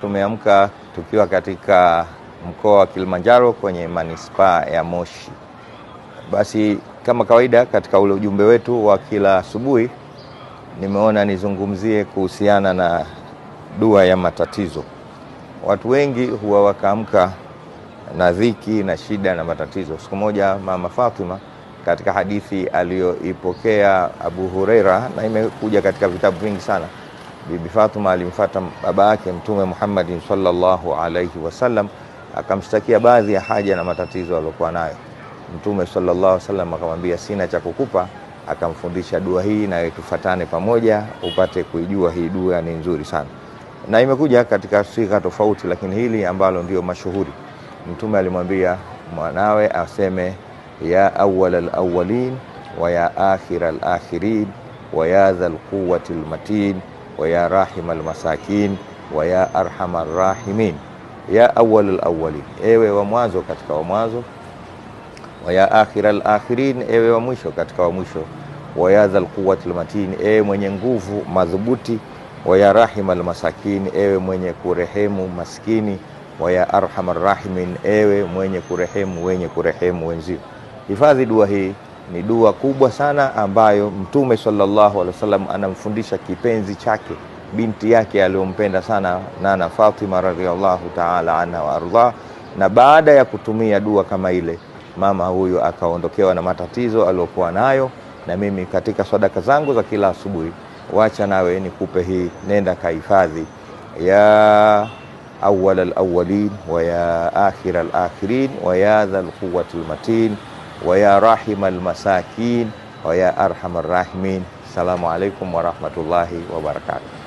Tumeamka tukiwa katika mkoa wa Kilimanjaro kwenye manispaa ya Moshi. Basi kama kawaida, katika ule ujumbe wetu wa kila asubuhi, nimeona nizungumzie kuhusiana na dua ya matatizo. Watu wengi huwa wakaamka na dhiki na shida na matatizo. Siku moja Mama Fatima katika hadithi aliyoipokea Abu Huraira, na imekuja katika vitabu vingi sana Bibi Fatuma alimfata baba yake Mtume Muhammad sallallahu alayhi wasallam akamshtakia baadhi ya haja na matatizo aliyokuwa nayo. Mtume sallallahu alayhi wasallam akamwambia, sina cha kukupa. Akamfundisha dua hii, na tufatane pamoja upate kuijua hii dua, ni nzuri sana na imekuja katika sigha tofauti, lakini hili ambalo ndio mashuhuri, Mtume alimwambia mwanawe aseme ya awwal alawwalin wa ya akhir alakhirin wa ya dhal quwwati almatin wa ya rahimal masakin wa ya arhamar rahimin ya awwalul awwalin, ewe wa mwanzo katika wa mwanzo, wa ya akhiral akhirin, ewe wa mwisho katika wa mwisho, wa ya dhal quwwati matin, ewe mwenye nguvu madhubuti, wa ya rahimal masakin, ewe mwenye kurehemu maskini, wa ya arhamar rahimin, ewe mwenye kurehemu wenye kurehemu wenzio. Hifadhi dua hii ni dua kubwa sana ambayo Mtume sallallahu alaihi wasallam anamfundisha kipenzi chake binti yake aliyompenda sana Nana Fatima radhiallahu taala anha wa Na baada ya kutumia dua kama ile, mama huyu akaondokewa na matatizo aliyokuwa nayo. Na mimi katika sadaka zangu za kila asubuhi, wacha nawe nikupe hii, nenda kahifadhi ya awwal alawwalin wa ya akhir alakhirin wa ya dhal quwwati almatin ويا رحم المساكين ويا أرحم الراحمين السلام عليكم ورحمة الله وبركاته